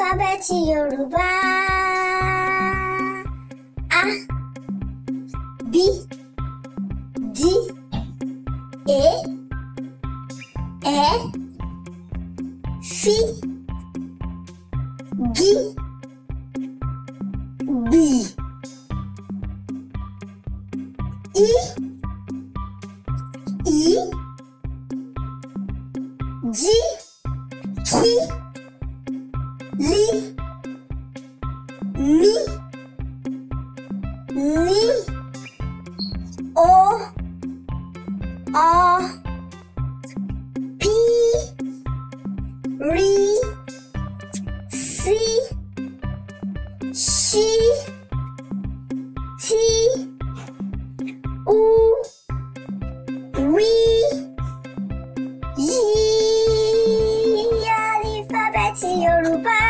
alífábẹ́ẹ̀tì Yorùbá. A B D E E, Fí G, B, I, Í Jí li mi li o a p ri si shi ti u wi yi alifábẹ́ẹ̀tì Yorùbá.